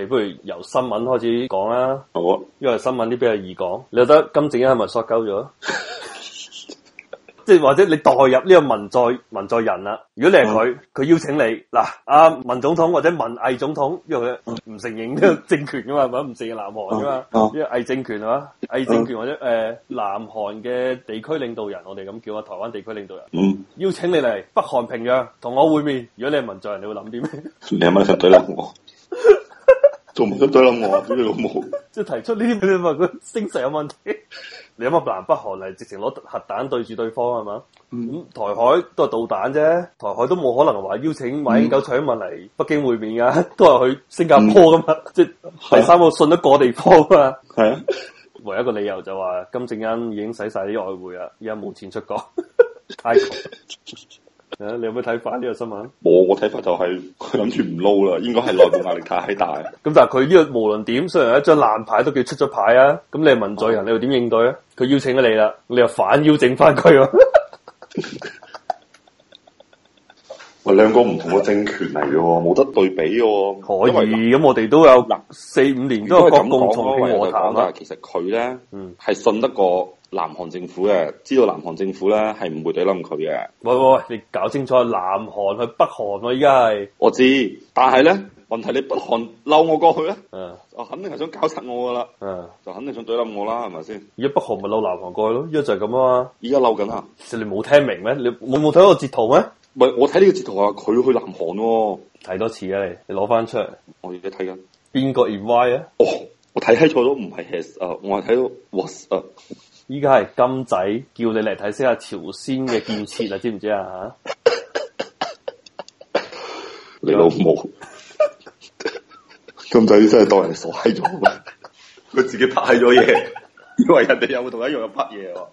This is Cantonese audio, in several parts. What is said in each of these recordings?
你不如由新聞開始講啊，好啊，因為新聞啲比較易講。你覺得金正恩係咪衰鳩咗？即 係或者你代入呢個文在文在寅啦。如果你係佢，佢、嗯、邀請你嗱，阿、啊、文總統或者文毅總統，因為佢唔承認呢個政權噶嘛，唔承認南韓噶、嗯嗯、嘛，呢個偽政權係嘛，偽政權或者誒、呃、南韓嘅地區領導人，我哋咁叫啊，台灣地區領導人。嗯，邀請你嚟北韓平壤同我會面。如果你係文在寅，你會諗啲咩？你有咪想懟爛做唔出都諗我，即係 提出呢啲咁嘅話，佢經濟有問題，你有啊南北韓嚟，直情攞核彈對住對方係嘛？嗯，台海都係導彈啫，台海都冇可能話邀請馬英九、蔡英文嚟北京會面噶、嗯，都係去新加坡咁嘛。即、嗯、係、就是、第三個信得過地方啊。係啊，唯一個個理由就話金正恩已經使晒啲外匯啊，而家冇錢出國。 誒，你有冇睇返呢個新聞？冇，我睇法就係佢諗住唔撈啦，應該係內部壓力太大。咁 但係佢呢個無論點，雖然一張爛牌，都叫出咗牌啊。咁你文在寅，你又點應對咧？佢邀請咗你啦，你又邀了你了你反邀請翻佢。喂， 兩個唔同嘅政權嚟嘅，冇得對比嘅。可以，咁、嗯嗯嗯、我哋都有四五年都有國共統一和談啦。其實佢咧，嗯，係信得過。南韓政府嘅知道南韓政府咧，係唔會懟冧佢嘅。喂喂喂，你搞清楚，南韓去北韓咯、啊，依家係。我知，但係咧，問題你北韓嬲我過去咧，嗯、uh,，我肯定係想搞柒我噶啦，嗯、uh,，就肯定想懟冧我啦，係咪先？而家北韓咪嬲南韓過去咯，依家就係咁啊嘛。依家嬲緊啊！其實、啊、你冇聽明咩？你我冇睇到截圖咩？唔係我睇呢個截圖啊，佢去南韓喎、啊。睇多次啊，你你攞翻出嚟，我而家睇緊邊個 invite 啊？哦，我睇睇錯咗，唔係 his 啊，我係睇到 was h、uh, t Up。依家係金仔叫你嚟睇先下朝鮮嘅建設啦， 知唔知啊？你老母 金仔真係當人傻咗，佢 自己拍咗嘢， 以為人哋有冇同佢一樣拍嘢喎。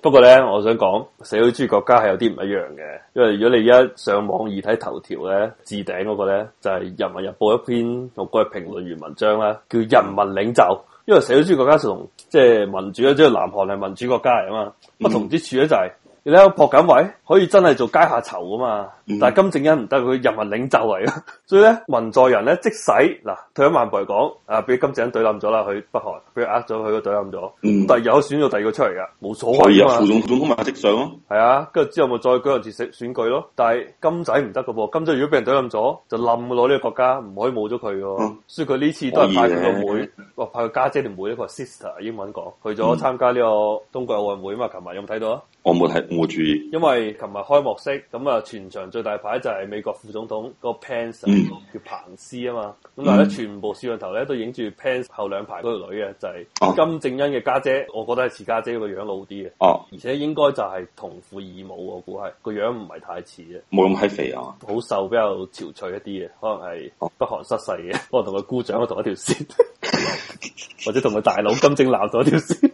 不過咧，我想講，社會主義國家係有啲唔一樣嘅，因為如果你依家上網二睇頭條咧，置頂嗰個咧就係、是、人民日報一篇《我讀過評論員文章》啦，叫《人民領袖》。因為社會主義國家同即民主即係南韓係民主國家嚟啊嘛，不同之處咧就係、是、你睇下朴槿惠可以真係做階下囚啊嘛。嗯、但係金正恩唔得，佢人民領袖嚟啊！所以咧，文在寅咧，即使嗱退一萬步嚟講，啊俾金正恩懟冧咗啦，佢北韓俾佢呃咗佢個懟冧咗。但係有選咗第二個出嚟噶，冇所謂嘛。可以入副總統同埋直上咯。係啊，跟住之後咪再舉行次選選舉咯。但係金仔唔得噶噃，金仔如果俾人懟冧咗，就冧攞呢個國家，唔可以冇咗佢噶。所以佢呢次都係派佢個妹，哦，派佢家姐定妹一個 sister，英文講去咗參加呢個冬季奧運會啊嘛。琴、嗯、日有冇睇到啊？我冇睇，冇注意。因為琴日開幕式咁啊，全場最大牌就係美國副總統個 Pence、嗯、叫彭斯啊嘛，咁、嗯、但係咧全部攝像頭咧都影住 Pence 後兩排嗰個女嘅，就係、是、金正恩嘅家姐，姐、啊，我覺得係似家姐，姐、那個樣老啲嘅，哦、啊，而且應該就係同父異母，我估係、那個樣唔係太似嘅，冇咁閪肥啊，好瘦，比較憔悴一啲嘅，可能係北韓失勢嘅，可能同佢姑丈同一條線、啊，或者同佢大佬金正男同一條線，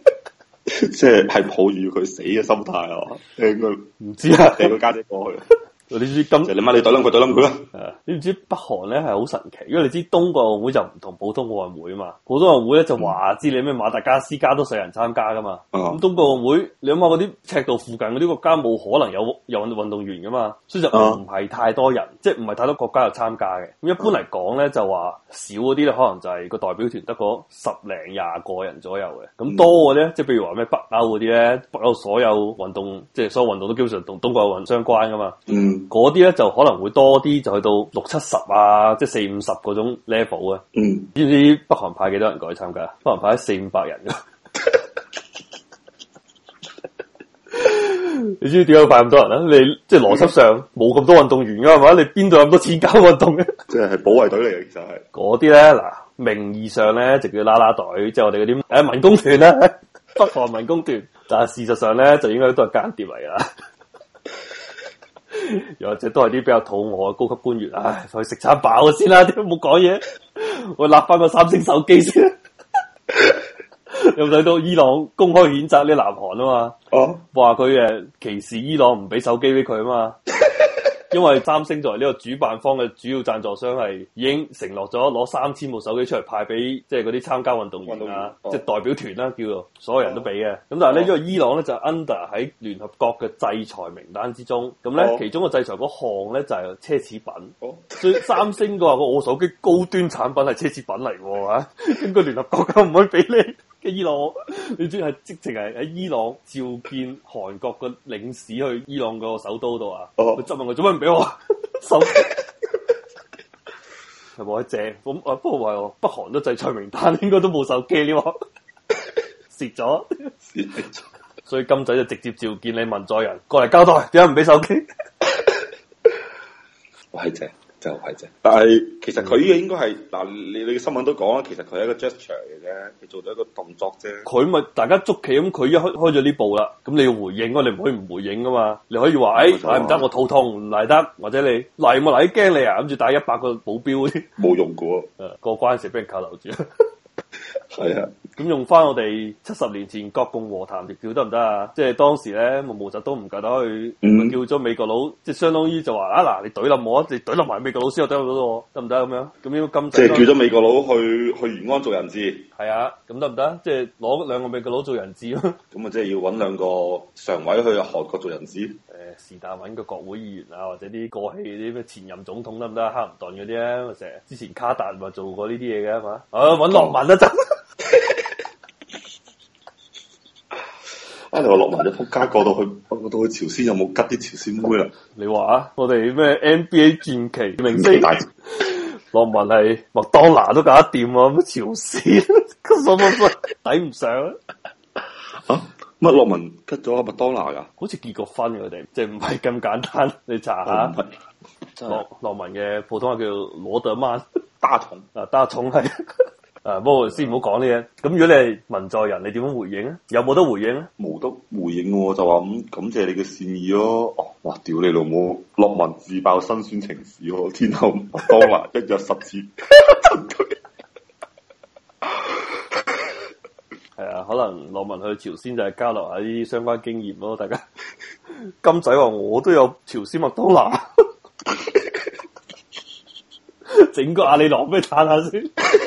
即係係抱住佢死嘅心態啊，唔知道啊，俾個家姐過去。你知咁、就是，你孖你對冧佢對冧佢啦。你唔知北韓咧係好神奇，因為你知東國奧會就唔同普通奧運會啊嘛。普通奧運會咧就話知你咩馬達加斯加都成人參加噶嘛。咁、嗯、東國奧會，你諗下嗰啲赤道附近嗰啲國家冇可能有有運動員噶嘛，所以就唔係太多人，啊、即係唔係太多國家有參加嘅。咁一般嚟講咧就話少嗰啲咧，可能就係個代表團得嗰十零廿個人左右嘅。咁多嘅咧、嗯，即係譬如話咩北歐嗰啲咧，北歐所有運動，即係所有運動都基本上同東國奧運相關噶嘛。嗯嗰啲咧就可能會多啲，就去到六七十啊，即係四五十嗰種 level 啊，嗯。知唔知北韓派幾多人過去參加？北韓派四五百人嘅。 你知唔知點解派咁多人啊？你即係邏輯上冇咁多運動員噶嘛？你邊度有咁多錢交運動嘅？即係係保衛隊嚟嘅，其實係。嗰啲咧，嗱，名義上咧，就叫拉拉隊，即、就、係、是、我哋嗰啲誒民工團咧，啊， 北韓民工團。 但係事實上咧，就應該都係間諜嚟啦。又或者都係啲比較肚餓嘅高級官員，唉，去食餐飽先啦、啊，點解冇講嘢，我立翻個三星手機先、啊，有 睇到伊朗公開譴責啲南韓啊嘛，話佢誒歧視伊朗，唔俾手機俾佢啊嘛。 因為三星作為呢個主辦方嘅主要贊助商，係已經承諾咗攞三千部手機出嚟派俾即係嗰啲參加運動員啊，哦、即係代表團啦、啊，叫做所有人都俾嘅。咁但係呢，因、哦、為、這個、伊朗咧，就是、under 喺聯合國嘅制裁名單之中，咁咧、哦、其中個制裁嗰項咧就係、是、奢侈品、哦。所以三星嘅話，我手機高端產品係奢侈品嚟嘅，吓，應該聯合國都唔可以俾你。伊朗，你知係直情係喺伊朗召見韓國個領事去伊朗個首都度啊？佢質問佢做乜唔俾我手機？係冇阿鄭咁，不過話北韓都制裁名單，應該都冇手機你喎，蝕咗，蝕咗。了 所以金仔就直接召見你文在寅過嚟交代，點解唔俾手機？我係正。正就係、是、啫，但係其實佢嘅應該係嗱，你你嘅新聞都講啦，其實佢係一個 gesture 嚟嘅，佢做咗一個動作啫。佢咪大家捉棋咁，佢一開開咗呢步啦，咁你要回應啊，你唔可以唔回應噶、啊、嘛，你可以話誒，唔得、啊哎、我肚痛唔嚟得，或者你嚟我嚟驚你啊，諗住帶一百個保鏢啲，冇用過，誒過 關時俾人扣留住。 係啊，咁用翻我哋七十年前國共和談嚟叫得唔得啊？即係當時咧，毛毛澤東唔夠膽去，叫咗美國佬，即係相當於就話啊嗱，你懟冧我，你懟冧埋美國佬先我得唔到咯？得唔得咁樣？咁樣咁即係叫咗美國佬去去延安做人質？係啊，咁得唔得即係攞兩個美國佬做人質咯？咁啊，即係要搵兩個常委去韓國做人質？誒，是但搵個國會議員啊，或者啲過氣啲咩前任總統得唔得？克林頓嗰啲啊，成日之前卡達咪做過呢啲嘢嘅嘛？啊，搵羅文啊就。行你話落文，你扑街，過到去過到去朝鮮有冇吉啲朝鮮妹啦、啊？你話啊？我哋咩 NBA 傳奇明星大，洛文係麥當娜都搞得掂啊！咁朝鮮，唔唔唔，抵唔上啊？乜、啊、羅文吉咗阿麥當娜噶？好似結過婚喎、啊，佢哋，即係唔係咁簡單。你查下，羅文嘅普通話叫攞得曼大同啊，大同係。誒、啊，不過先唔好講呢嘢。咁如果你係文在寅，你點樣回應咧？有冇得回應咧？冇得回應喎，我就話咁感謝你嘅善意咯。哦，哇，屌你老母！羅文自爆辛酸情史，天后麥當娜 一日十次，係 啊，可能羅文去朝鮮就係交流下啲相關經驗咯。大家金仔話我都有朝鮮麥當娜，整 個阿里郎咩？睇下先。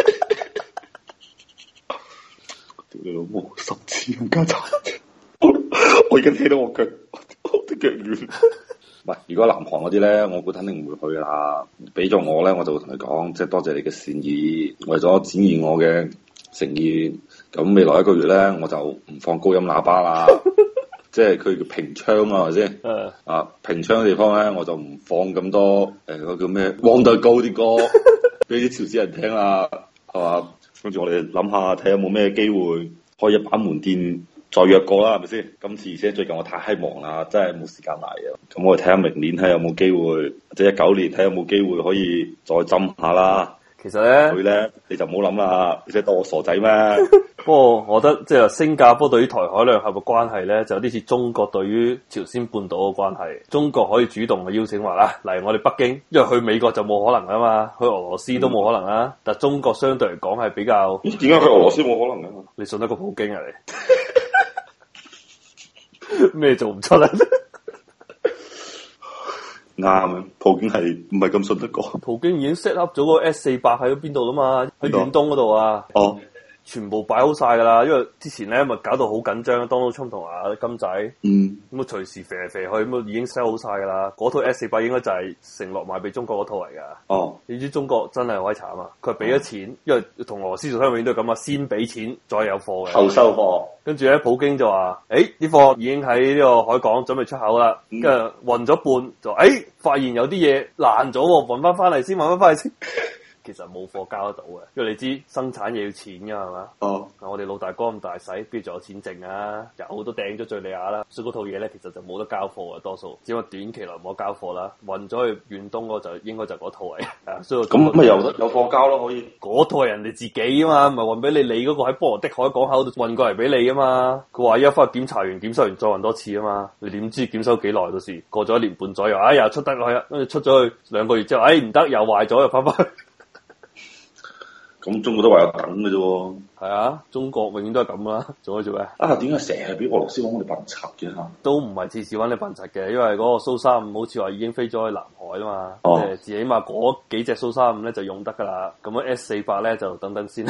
我我而家聽到我腳，我的腳軟。唔係，如果南韓嗰啲咧，我估肯定唔會去啦。俾咗我咧，我就會同佢講，即係多謝你嘅善意，為咗展現我嘅誠意。咁未來一個月咧，我就唔放高音喇叭啦。 即係佢叫平昌啊，係咪先？啊，平昌嘅地方咧，我就唔放咁多誒，嗰、呃、叫咩？旺得高啲歌俾啲朝鮮人聽啊，係 嘛？跟住我哋諗下，睇下有冇咩機會。開一版門店再，再約過啦，係咪先？今次而且最近我太忙啦，真係冇時間嚟嘢。咁我哋睇下明年睇下有冇機會，或者一九年睇下有冇機會可以再斟下啦。其實咧，佢咧你就唔好諗啦，即係當我傻仔咩？ 不過我覺得即係新加坡對於台海兩岸嘅關係咧，就有啲似中國對於朝鮮半島嘅關係。中國可以主動嘅邀請話啦，嚟我哋北京，因為去美國就冇可能啊嘛，去俄羅斯都冇可能啊。但中國相對嚟講係比較，咦？點解去俄羅斯冇可能嘅？ 你信得過普京啊？你 咩做唔出啊？ 啱、啊，普京係唔係咁信得過？普京已經 set up 咗個 S 四百喺邊度啦嘛，喺遠東嗰度啊。哦全部擺好晒噶啦，因為之前咧咪搞到好緊張，Donald Trump 同阿金仔，咁、嗯、啊隨時肥嚟肥去，咁已經 sell 好晒噶啦。嗰套 S 四八應該就係承諾賣俾中國嗰套嚟噶。哦，你知中國真係好慘啊！佢俾咗錢、哦，因為同俄羅斯做生意都係咁啊，先俾錢再有貨嘅。後收貨。跟住咧，普京就話：誒、哎，啲貨已經喺呢個海港準備出口啦，跟住運咗半就誒、哎，發現有啲嘢爛咗，運翻翻嚟先，運翻翻嚟先。其實冇貨交得到嘅，因為你知生產嘢要錢噶係嘛？哦，嗱、啊，我哋老大哥咁大使，邊仲有錢剩啊？有都訂咗敘利亞啦。所以嗰套嘢咧，其實就冇得交貨嘅，多數只不過短期內冇得交貨啦。運咗去遠東嗰就應該就嗰套嚟啊、嗯。所以咁咪有得有，有貨交咯，可以嗰套係人哋自己啊嘛，咪運俾你？你嗰個喺波羅的海港口度運過嚟俾你啊嘛。佢話一翻去檢查完，檢收完再運多次啊嘛。你點知檢收幾耐到時？過咗一年半左右，哎呀出得去啊，跟住出咗去兩個月之後，哎唔得又壞咗，又翻翻。咁中國都話有等嘅啫喎，係啊，中國永遠都係咁啦，做開做咩。啊，點解成日畀俄羅斯揾你哋笨柒嘅？都唔係次次揾你笨柒嘅，因為嗰個蘇三五好似話已經飛咗去南海啊嘛，即係至起碼嗰幾隻蘇三五咧就用得㗎喇。咁樣 S 四百呢就等等先。